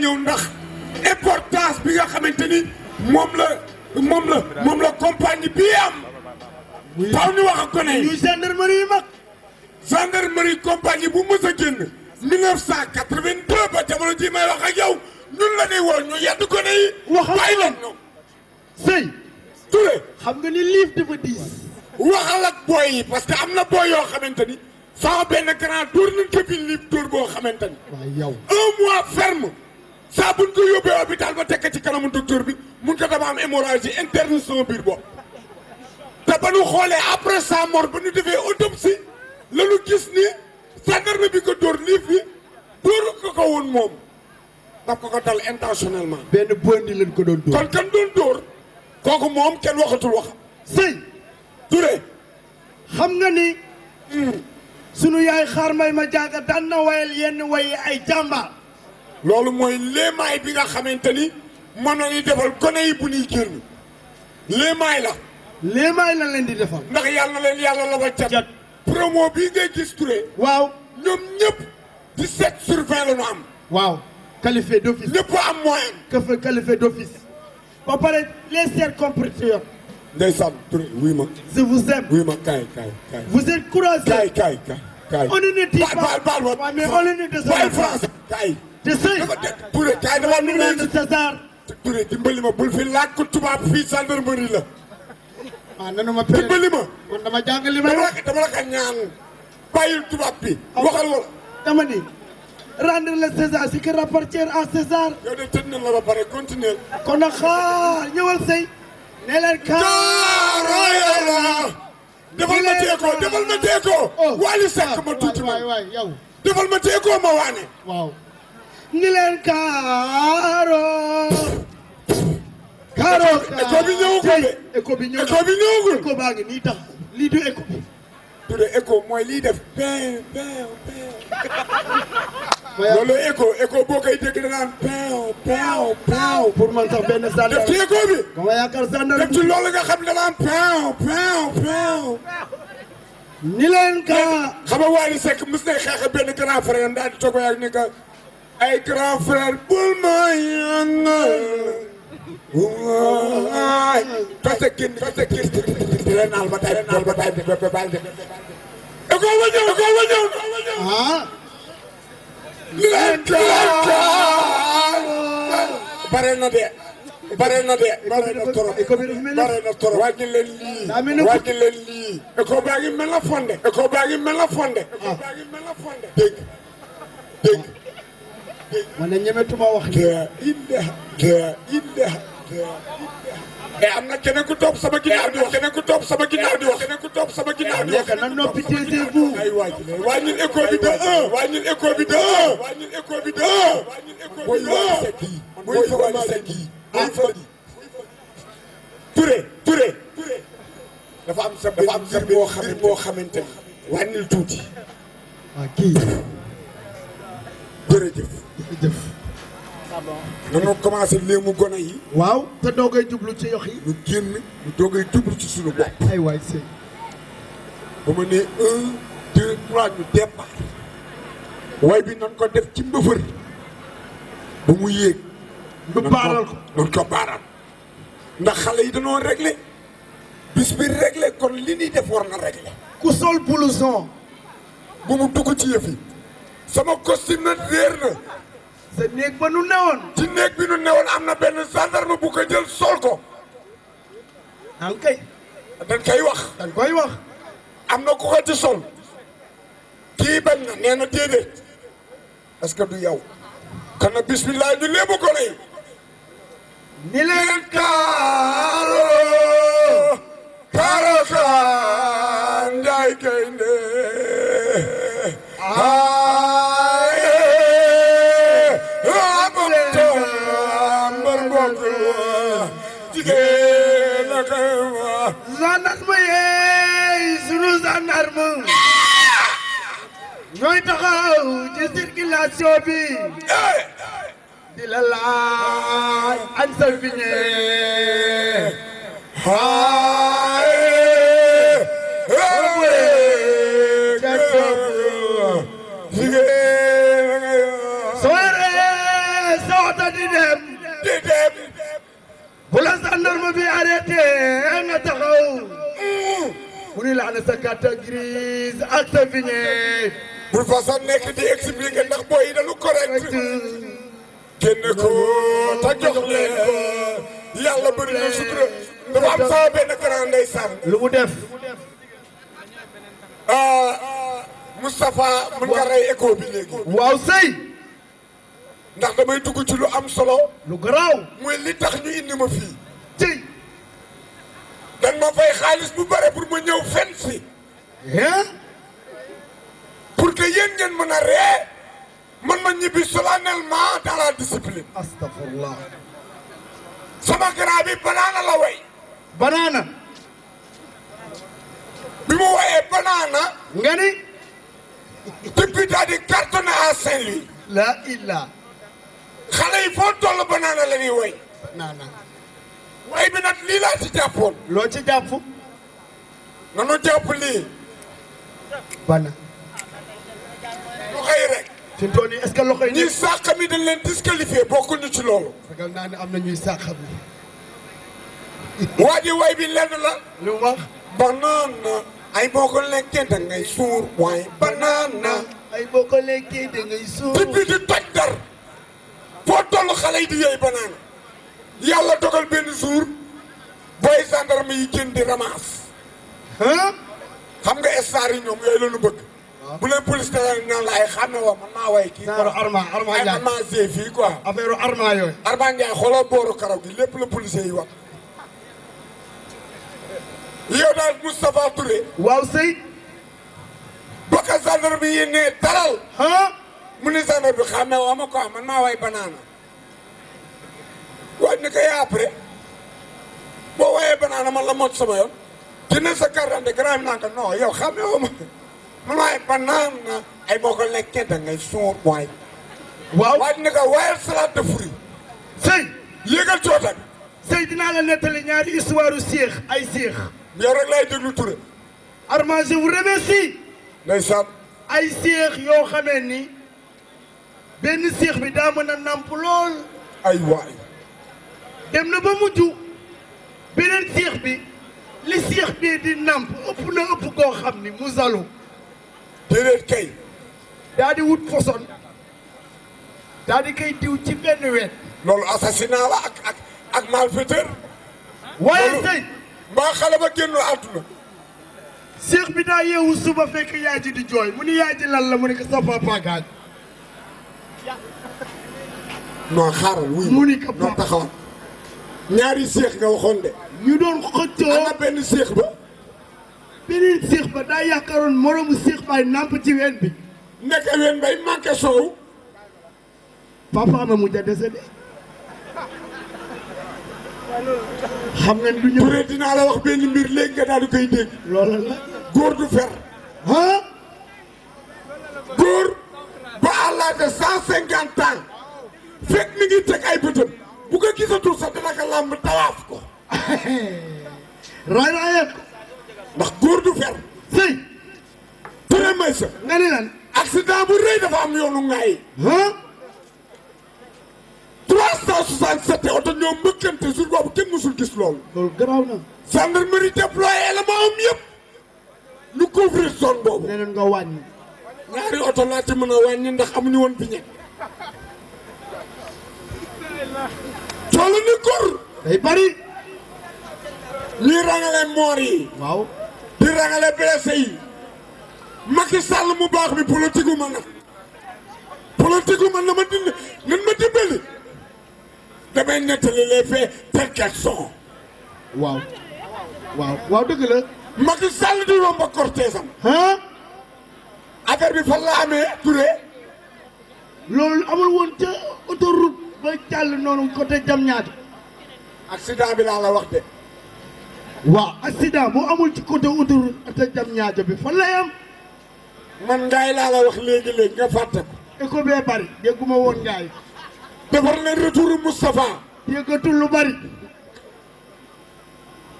ñëw ndax importance bi nga xamante ni moom la moom la moom la compagnie bii am. taw ñu wax ak ko ne. ñuy gendarmerie yi mag. gendarmerie compagnie bu mës a génn. 1982 ba jamono ji may wax ak yow ñun la ñuy woo ñu yedd ko ne yi. waxal leen sëy Touré xam nga ni liif dafa diis. waxal ak booy yi parce que am na booy yoo xamante ni. sans benn grand tour nañ ko liif tour boo xamante ni. waaw yow un mois saa buñ ko yóbbee hôpital ba tekk ci kanamu docteur bi mun ko dama am hémorragie interne sama biir bopp te ba nu xoolee après sa mort ba ñu defee autopsie la ñu gis ni gendarme bi ko dóor lii fi dóoru ko ko woon moom daf ko ko dal intentionnellement. benn bondi leen ko doon dóor. kooku moom kenn waxatul wax. sëy Touré. xam nga ni. Hmm. sunu yaay xaar may ma jaaga daan na wayal yenn wayi ay jàmbaar. loolu mooy léemaay bi nga xamante ni moom la ñuy defal gone yi bu ñuy jëriñu léemaay la. léemaay la leen di defal. ndax yàlla leen yàlla la ba cat. promo bii ngay gis Touré. waaw ñoom ñëpp 17 sur 20 la ñu am. waaw qualifié d'office. ñëpp am moyen. këf qualifié d'office. ba pare les chers compatriotes. ndeysaan Touré wuy ma. je vous aime. wuy ma kaay kaay kaay. vous êtes courageux. kaay kaay kaay. on baal baal baal mais on ne te sëy dama dégg Touré kaay dama nu mu di César Touré dimbali ma bul fi laaj ko tubaab fii gendarmerie la ah nanu ma péré dimbali ma man dama jàng ma dama tubaab bi waxal wala dama ni rendre le César ce qui appartient à César yow de tëj na la ba pare continuer kon nag xaar ñëwal sëy ne leen kaar defal ma teekoo defal ma teekoo oh. ma ah, tuuti ma waane ñi leen kaaro kaaro éco bi ñëwagul de éco bi ñëwagul éco baa ngi nii tax lii du éco du de éco mooy lii def peew peew peew loolu éco man sax benn sandal def ci éco bi dama yaakaar sandal def ci loolu nga xam da naan peew peew peew ñi leen ka xam nga Wally Seck mës na xeex benn grand frère daal di toog ak ni ka ay grand frère bul ma yangal waay tase kin tase kin di la naal ba tey naal ba tey di ba baal di école ba ñëw école ba ñëw ah bare na de bare na de bare na trop bare na trop wàññi leen lii wàññi leen lii école baa ngi mel la fonde école baa ngi mel la fonde ah. école baa ngi mel la fonde dégg dégg man de ñemetuma wax. mais am na keneen ku topp sama ginnaaw di wax keneen ku topp sama ginnaaw di wax keneen ku topp sama ginnaaw di wax. nekk na noppi teeseeku. waa ñun écho bi de un. bi de un. waa ñun dafa am sa dafa am sa boo xamante boo xamante ni. tuuti. waa kii. jëf danoo commencé léemu gone yi waaw te doogay jublu ci yox yi ñu génn ñu doogay jublu ci suñu bopp ay waay sëy ba ma ne un deux trois ñu départ bi nan ko def ci mbëfër ba mu yéeg ñu baaral ko nan ko baaral ndax xale yi danoo réglé bis bi réglé kon li ñuy def war na réglé ku sol blouson bu mu dugg ci yëf yi sama costume na réer na sa néeg ba nu newoon. ci néeg bi nu newoon am na benn gendarme bu ko jël sol ko. ah kay. dañ koy wax. dañ koy wax. am na ko ci sol. kii na nee déedéet. parce que du yow. kon nag bismillah ñu ko lay. ni leen kaa. population bi di la laaj an sa fi ñee bu la gendarme bi arrêté nga taxaw mu ni la ana sa carte grise ak bu façon nekk di expliquer ndax booy yi dañu correct génne ko ta jox leen ko yàlla bëri na sutura dafa am sama benn grand ndeysaan lu mu def ah, Moustapha mën nga rey bi léegi waaw sëy ndax damay dugg ci lu am solo lu garaaw muy li tax ñu indi ma fii tey dan ma fay xaalis bu bare pour ma ñëw fen si hein te yéen ngeen mën a ree man ma ñibbi solennellement dans la discipline. astafurlah. sama bi banaana la way. banaana. bi mu wayee banaana. nga ni. depuis daal di cartonné à Saint-Louis. la illa. xale foo toll banaana la ñuy banaana. way bi nag lii laa ci jàppoon. loo ci jàpp. nanu jàpp lii. bana. loxo yi rek. fi mu yi. dañ leen disqualifié bokkuñu ci loolu. ragal naa ne am na ñuy sàq mi. waa ji banaana. ay boo ko lekkee da ngay suur. waaye banaana. ay boo ko lekkee da ngay suur. di di dar. foo toll xale yi di yooyu banaana. yàlla dogal benn jour. booy gendarme yi génn di ramasse. xam nga star yi ñoom yooyu la bëgg. bu la police tawee naan la ay xàmme woo man maa way kii quoi arma arma ay armancier fii quoi affaire arma yooyu arma Ndiaye karaw gi lépp la policier yi wax yow daal Moustapha Touré waaw sëy baka gendarme yi ne taral a mu ni gendarme bi xàmme ma quoi man maa way banaana waaj ni ko yaa après boo wayee banaana man la mot sama yoon dina sa carte d'identité grand bi naan ko yow xàmme ma waaye ba naan na ay boo ko lekkee da ngay suur waay. waaw waaye dina ko waayal salade de sëy. yéegal coota sëy dinaa la nettali ñaari histoire yu seex ay seex. yow rek laay déglu Touré. Armand je vous remercie. ndeysaan. ay seex yoo xamee ni benn seex bi daa mën a namp lool. ay waay. dem na ba mujj beneen seex bi li seex bi di namp ëpp na ëpp koo xam ni mu zalu. déedéet kay. daa di wut poson daa di diw ci benn wet. loolu assassinat la ak ak ak waaye tey mbaa xale ba génn àdduna. seex bi daa yeewu suba fekk yaay di jooy mu ni yaay ji lan la mu ne ko sa papa gaañ. non xaaral mu ni ko taxawal. ñaari seex nga waxoon de. ñu doon xëccoo ana benn seex ba. beneen seex seex ba daa yaakaaroon moromu seex nàmp ci ween bi nekk ween bay manqué soow papaama mujj a décédé xam nga du ñëw Touré dinaa la wax benn mbir léegi nga daal koy dégg loola la góor du fer góor ba à de cent cinquante ans fekk mi ngi teg ay bëtëm bu ko gisatul sax dana ko làmb ko raay raayam ndax góor du fer sëy tere may sa nga ne lan accident bu rëy dafa am yoonu ngaay trois cent soixante sept oto ñoo mbëkkante jour boobu kenn mësul gis loolu loolu garaaw na gendarmerie déployé élément am yëpp ñu couvrir zone boobu nee nga wàññi ñaari oto laa ci mën a wàññi ndax amuñu woon vignette toolu ni kor day bari ñuy moor yi waaw di rangale blessé yi Macky Sall mu baax mi politique nag politique ma na ma dindi nan ma dimbali damay nettali les faits tels qu'ils sont waaw waaw waaw dëgg la Macky Sall di romb ak cortège am affaire bi fan la amee loolu amul woon ca autoroute ba jàll noonu côté Diamniadio accident bi laa la wax de waaw accident bu amul ci côté autoroute te jam ñaajo bi fan lay am man ngaay laa la wax léegi-léegi nga fàtte ko bee bari dégguma woon ngaay defar leen retour Moustapha déggatul lu bari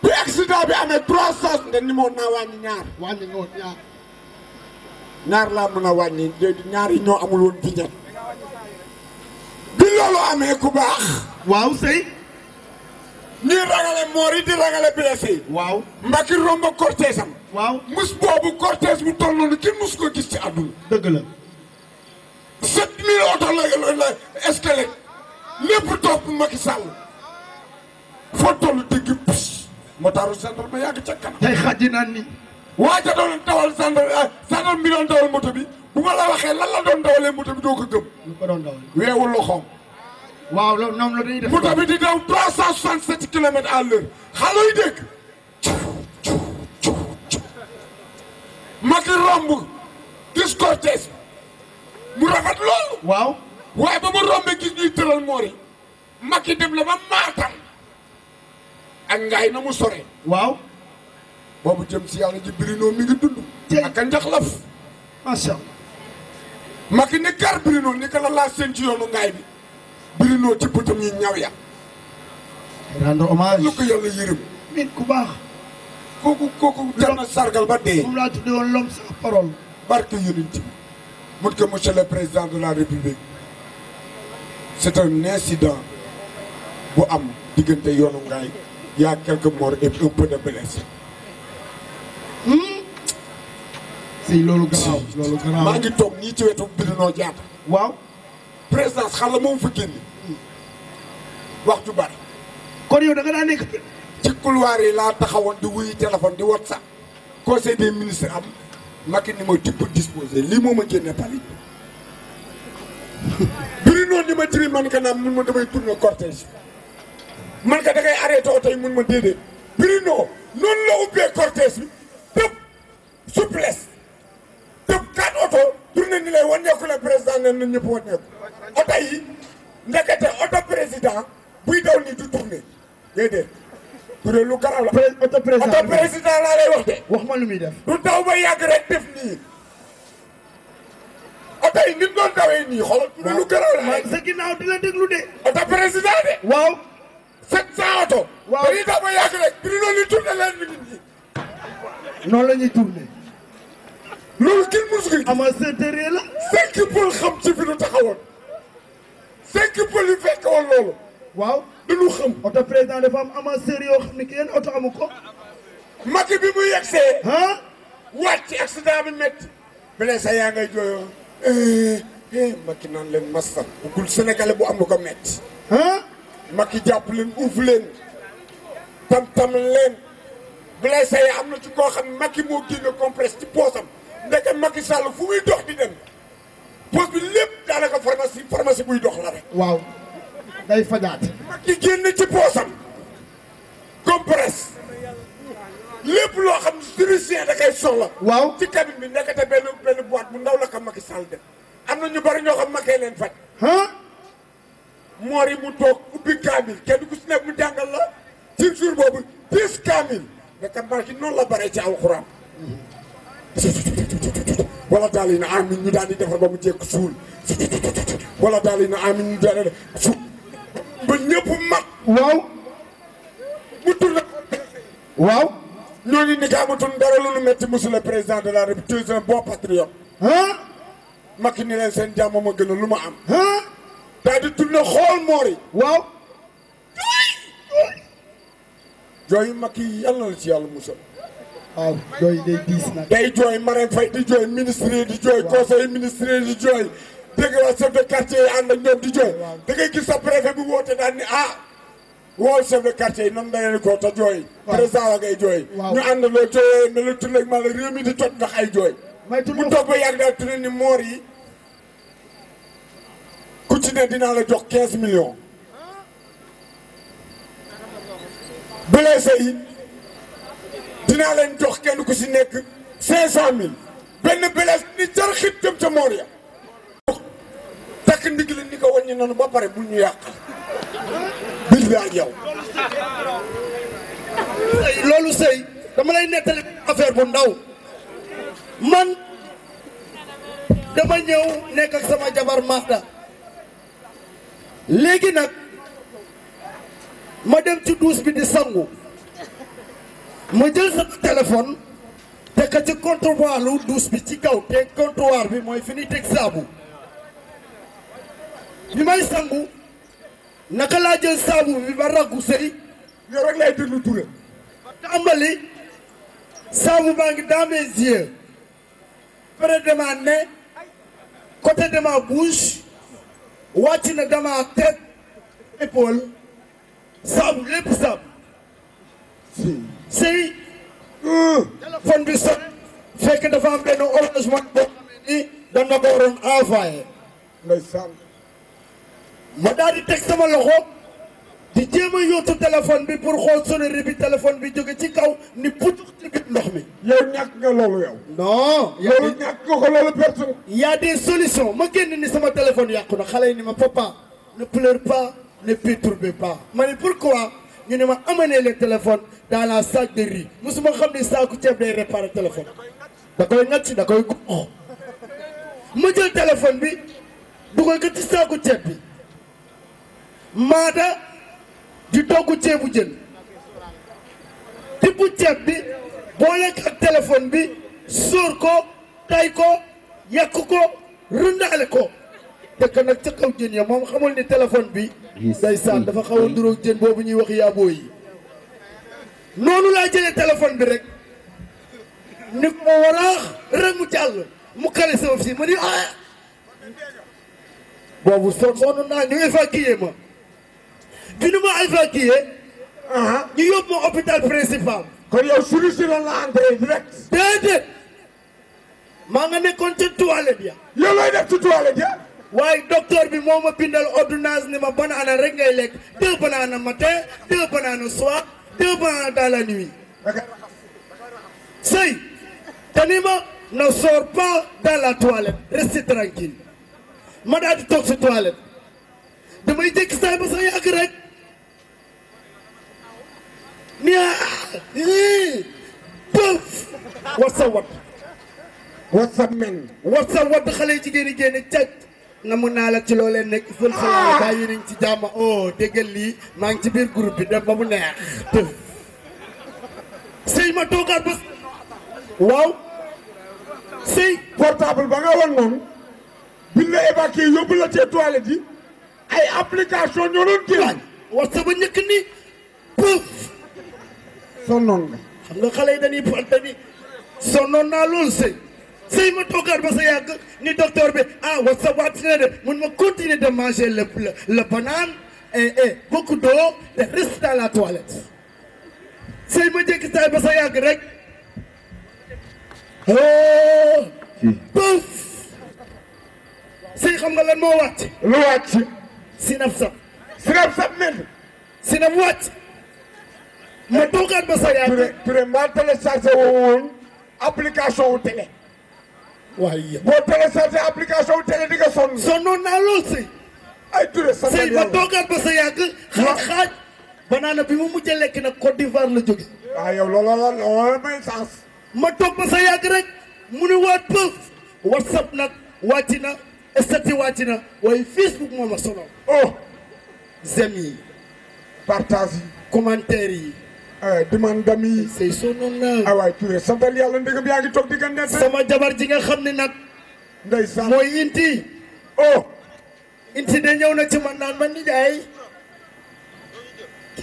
bi accident bi amee trois cent nga ni moon naa wàññi ñaar wàññi nga woon a wàññi ñaar ñoo amul woon vignette bi loolu amee ku baax waaw sëy ñuy ragale moor yi di ragale blessé yi. waaw Macky romb cortège am. waaw mus boobu cortège bu toll noonu kenn mus ko gis ci àdduna. dëgg la. sept mille oto la la escalette lépp topp Macky Sall foo toll dégg pus motaaru gendarme yàgg ca kanam. tey xaj naan ni. waa ja doon dawal gendarme ah, gendarme bi doon dawal moto bi bu ma la waxee lan la doon dawalee moto bi doo ko gëm. lu loxoom. waaw loolu ñoom la dañuy def di daw trois cent soixante sept kilomètres à l'heure xale yu dégg Macky romb gis mu rafet loolu waaw waaye ba mu rombe gis ñuy tëral moori Macky dem la ba Matam ak ngaay na mu sore waaw boobu jëm si yàlla ji Bruno mi ngi dund ak a njaxlaf macha allah Macky ne gar Bruno ni ko la laaj seen ci yoonu ngaay bi birinoo ci bëtam yi ñaaw ya rendre hommage lu ko yàlla yërëm nit ku baax kooku kooku jar sargal ba dee laa tuddee woon l'homme sans mun ko monsieur le président la république diggante yoonu ngaay y'a quelques morts hmm? loolu loolu garaaw maa ngi toog nii ci wetu birinoo jaata waaw présidence xam la moom fa génn wax ju bari kon yow da daa nekk ci couloir yi laa taxawoon di wuyu téléphone di whatsapp conseil des ministres am Macky ni ma tibb disposé lii moom a génne Paris buri noonu ni ma jëriñ man ka naam mun ma man ka da ngay arrêté oto yi mun ma déedéet buri noo noonu la ubbee cortège bi tëb souplesse tëb quatre oto tourné ni lay wan ñekku la président ne na ñëpp wan ñekku oto yi ndekete oto président buy daw nii du tourner déedéet. turé lu garaw la oto président oto président laa lay wax de. wax ma lu muy def. du daw ba yàgg rek def nii. oto yi nit la déglu de. oto président de. waaw. 700 oto. waaw dañuy daw ba yàgg rek. bi ñu doon li tourné leen nit ñi. noonu la loolu kenn mësu ko. ama seeteree la. cinq pour xam ci fi ñu taxawoon. cinq pël yu fekk woon loolu. waaw dañu xam. oto président dafa am avanceur yoo xam ne kenn oto amu ko. Macky bi mu yegsee. ah. wàcc accident bi métti. blessé yaa ngay jooyoo. eh, eh Macky naan leen massa bëggul Sénégalais bu am lu ko metti ah. Macky jàpp leen uuf leen. tam tam leen. blessé ya am na ci koo xam ne Macky moo génne compresse ci poosam. ndeke Macky Sall fu muy dox di dem. poste bi lépp daanaka pharmacie pharmacie buy dox la rek. waaw day fajaat. mag génn ci poosam compresse lépp loo xam chirurgien da koy soxla. waaw ci cabine bi nekkate benn benn boîte bu ndaw la ko Macky Sall def am na ñu bari ñoo xam Macky leen faj. moor yi mu toog ubbi kaamil kenn ku si nekk mu jàngal la ci jour boobu dix kaamil mais kan ci noonu la bare ci alxuraan. Mm-hmm. wala daal yi na amin ñu daal di defar ba mu jekk suul wala daal yi na amin ñu daal di su ba ñëpp mat waaw mu turna waaw ñooñu ni kaa matun dara lu nu metti monsieur le président de la république tu es un bon patriote ah Macky ni leen seen jàmm ma gën a lu ma am ah daal di turna xool moor yi waaw jooyu Macky yàlla na la ci yàlla musal waaw jooy day diis nag. day jooy Marème Faye di jooy ministre yi di jooy. conseil ministre di jooy. dégg nga chef de quartier yi ànd ak di jooy. da gis sa préfet bu woote daal ni ah. woo chef de quartier yi nan la ko ta jooy. ànd loo la jooy. may la jox quinze millions. Ah. yi. dinaa la jox kenn ku si nekk cinq cent mille benn belees ni jar xit jëm ca moor ya takk ndig ni ko wàññi noonu ba pare bu ñu yàqal billaay yow loolu sëy dama lay nettali affaire bu ndaw man dama ñëw nekk ak sama jabar Maada léegi nag ma dem ci duus bi di sangu ma jël sa téléphone teg ko ci comptoir lu bi ci kaw te comptoir bi mooy fi ñuy teg saabu bi may sangu naka laa jël saabu bi ba raggu sëy yow rek lay déglu Touré tàmbali saabu baa ngi dans mes yeux près de ma nez saabu lépp saabu si téléphone bi dafa am benn arrangement ma daal di teg sama loxo di jéem a yóotu téléphone bi pour xool sonnerie bi téléphone bi jóge ci kaw ni putux ci ndox mi yow ñàkk nga loolu yow non loolu ñàkk nga a des solutions ma génn ni sama téléphone yàqu na xale yi ni ma papa ne pleure pas ne perturbe pas ma ne pourquoi ñu ne ma amener le téléphone dans la sac de riz musuma xam ne saaku ceeb day réparer téléphone da koy ngacc da koy guux oh. jël téléphone bi dugal ko ci saaku ceeb bi maada di togg ceebu jën tibb ceeb bi boole ko téléphone bi sóor ko tay ko yàq ko rëndaale ko dëkk nag ca kaw jën ya moom xamul ni téléphone bi ndeysaan dafa xaw a mm-hmm. nduróog jën boobu ñuy wax yaaboo yi noonu laa jëlee téléphone bi rek ni ko waraax rek mu jàll mu kale sama fii ma ni ah boobu son sonn naa ñu évacué ma bi nu ma évacué aha ñu yóbbu ma hôpital principal kon yow sunu si loolu la entré direct déedéet maa nga nekkoon ca toilette ya yow looy def ci toilette ya waaye docteur bi moo ma bindal ordonnance ni ma banana rek ngay lekk deux bananes matin deux bananes soir deux bananes dans la nuit sëy tanima ne sors pas dans la toilette reste tranquille ma daal di toog si toilette damay jékki saay ba sax yàgg rek ni pëf war sa wat war sa men war sa wat xale jigéen yi génn caj namu naa la ci loo leen nekk fël xalaat bàyyi nañ ci jàmm oh déggal lii maa ngi ci biir groupe bi dem ba mu neex tëf sëy ma toogaat ba waaw sëy portable ba nga wan noonu biñ la yóbbu la ci toilette yi ay application ñoo doon jëlaat whatsapp ba njëkk ni pouf sonnoon nga xam nga xale yi dañuy dañuy sonnoon naa loolu sëy sëy ma toogaat ba sa yàgg ni docteur bi ah wa sa waat si na mun ma continuer de manger le le banane et et beaucoup d'eau la toilette sëy ma jékki saay ba sa yàgg rek oh pouf sëy xam nga lan moo wàcc lu wàcc sinaf sab sinaf sab mel sinaf wàcc ma toogaat ba sa yàgg. Touré Touré maa téléchargé woon application wu télé waaye boo téléchargé application bi naa lool sëy. ay ba toogaat ba sa yàgg. xaaj xaaj. banaana bi mu mujj a lekk nag Côte d'Ivoire la jóge. waaw ah, yow looloo looloo may sens. ma toog ba sa yàgg rek mu ne waat pëf whatsapp nag wàcc na estati wàcc na waaye facebook moo ma sonal. oh. j'aime yi. partage commentaire yi. di man dami. c'est son honneur. ah waay Touré sama jabar ji nga xam ne nag. ndeysaan mooy inti. oh. inti de ñëw na ci man naan man nijaay.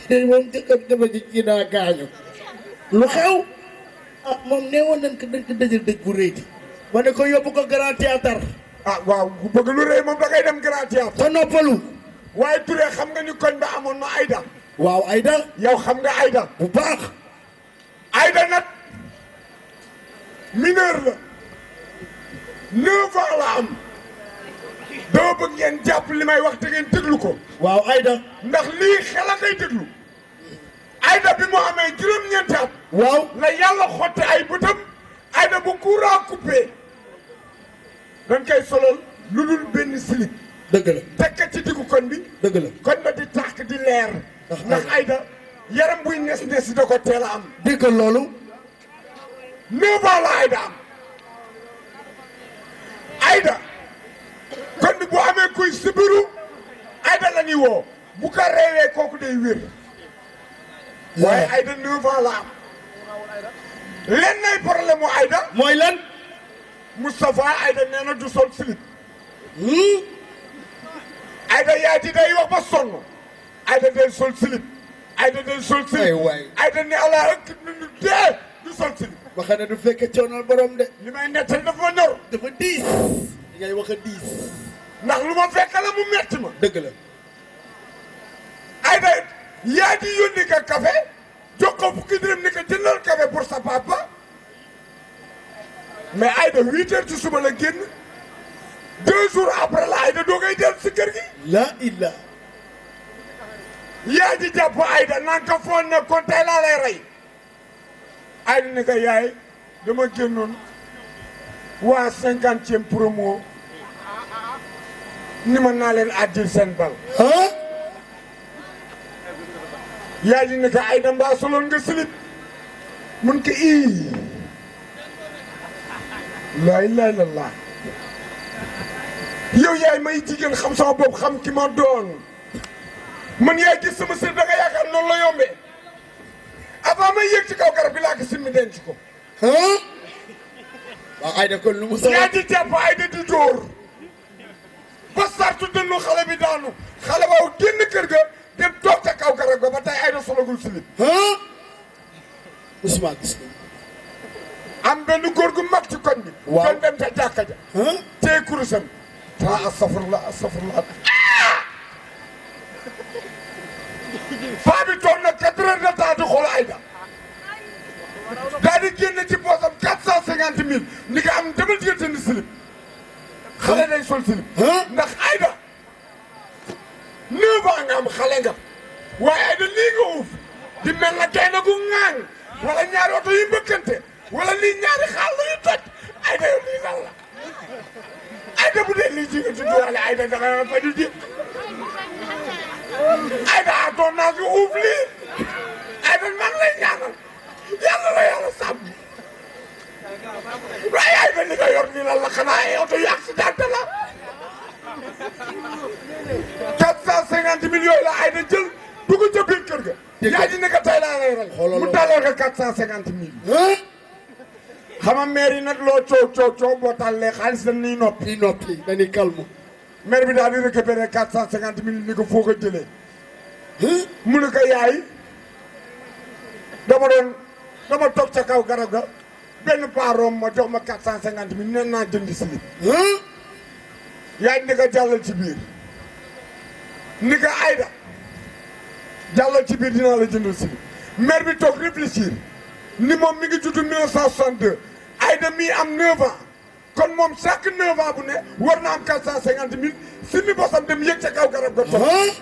kii moom jëkkër jabar ji kii daa gaañu. lu xew. ah moom nee woon nañ ko dañ ko dëjël rëy bi. ma ko yóbbu ko grand théâtre. ah waaw bu bëgg lu rëy moom dangay dem grand théâtre. te waaye Touré xam nga ni koñ ba amoon na ay dam waaw Aïda yow xam nga Aïda bu baax Aïda nag mineur la neuf ans la am dama bëgg ngeen jàpp li may wax te ngeen déglu ko waaw Aïda ndax lii xel a koy déglu Aïda bi mu amee juróom-ñeenti at waaw la yàlla xotte ay bëtam Aïda bu courant coupé dañ koy solol lu dul benn silib dëgg la tekk ci diggu kon bi dëgg la kon ba di tàkk di leer ndax Aïda yaram buy nes nes da ko teel a am déggal loolu neuf ans am Aïda kon bu amee kuy sibiru Aïda la ñuy woo bu ko reewee kooku day wér waaye Aïda neuf am leen nay problème mu Aïda mooy lan Moustapha Aïda nee na du sol slip hmm? Aïda yaay ji day wax ba sonn ayda del sol silib ayda del sol silib waay ayda ne allah ak nu dee du sol silib waxa ne du fekke coonal borom de li may nettal dafa ma ñor dafa diis li wax a diis ndax lu ma fekk la mu metti ma dëgg la ayda di yónni ka café jox ko fukki dërëm ni ko jëndal café pour sa papa mais ayda huit heures ci suba la génn deux jours après la ayda doo ngay dellu si kër gi la illah yaay di jàpp Ayda naan ko foon ne kon tey laa rey Ayda ni ko yaay dama génnoon waa cinquantième promo ni ma naa leen seen bal yaay di ni ko Ayda mbaa nga silip mun ko ii laa ilaaha illallaah yow yaay may jigéen xam sama bopp xam ki ma doon man yaay gis sama sër da nga yaakaar noonu la yombee avant may ci kaw garab bi laa ko simmi denc ko. waaw Aïda kon lu mu. sa yaa di jàpp Aïda di dóor ba sartu dënnu xale bi daanu xale boobu génn kër ga dem toog ca kaw garab ga ba tey Aïda solagul silib. Ousmane gis nga. am benn góor gu mag ci koñ bi. waaw doon kurusam. taa astafurlah astafurlah. paa bi toog na quatre heures de temps di xool Aïda daal ci poosam quatre cent cinquante mille ni ko am demal jigéen seen silib xale day sol silib ndax Aïda neuf ans nga am xale nga waaye Aïda lii nga uuf di mel na gaynde gu ŋaaŋ wala ñaari oto yu mbëkkante wala lii ñaari xàll yu toj Aïda yow lii lan la Aïda dee lii jigéen ci duwaale Aïda danga fa di ji Aida doon naa fi uuf lii Aida man lay ñaanal yàlla la yàlla sàmm waaye Aida li nga yor nii lan la xanaa ay oto yu accident la quatre cent cinquante mille yooyu la Aida jël dugg ca biir kër ga. yaa ji ne ko tey laa lay rey mu tàllal ko quatre cent cinquante mille. xam nga maire nag loo coow coow coow boo tàllee xaalis dañ ñuy noppi. ñuy noppi dañuy calme. maire bi daal di récupéré quatre cent cinquante mille ni ko foo ko jëlee mu ne ko yaay dama doon dama toog ca kaw garab ga benn paaroom ma jox ma quatre cent cinquante mille nee naa jënd slip yaay ni ko jàllal ci biir ni ko ayda jàllal ci biir dinaa la jëndal slip maire bi toog réfléchir ni moom mi ngi juddu 1962 ayda mii am 9 kon moom chaque neuf ans ne war na am quatre cent cinquante mille si mi bosam dem yëg ca kaw garab ga toog.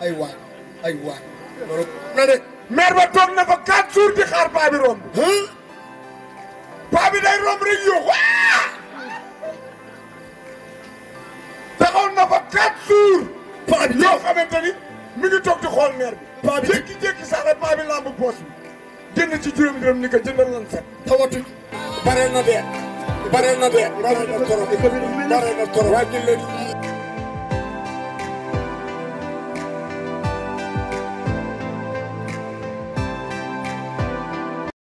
ay waay ay waay. loolu na ba toog na fa quatre jours di xaar paa bi romb. paa day romb rek yóoxu taxaw na fa quatre jours. paa yoo xamante ni ngi toog di xool maire bi. jékki-jékki sax rek paa bi lamb poos bi. génn ci juróomi ni ko jëndal lan set. tawatuñ bare na de. bare na de bare na trop bare na trop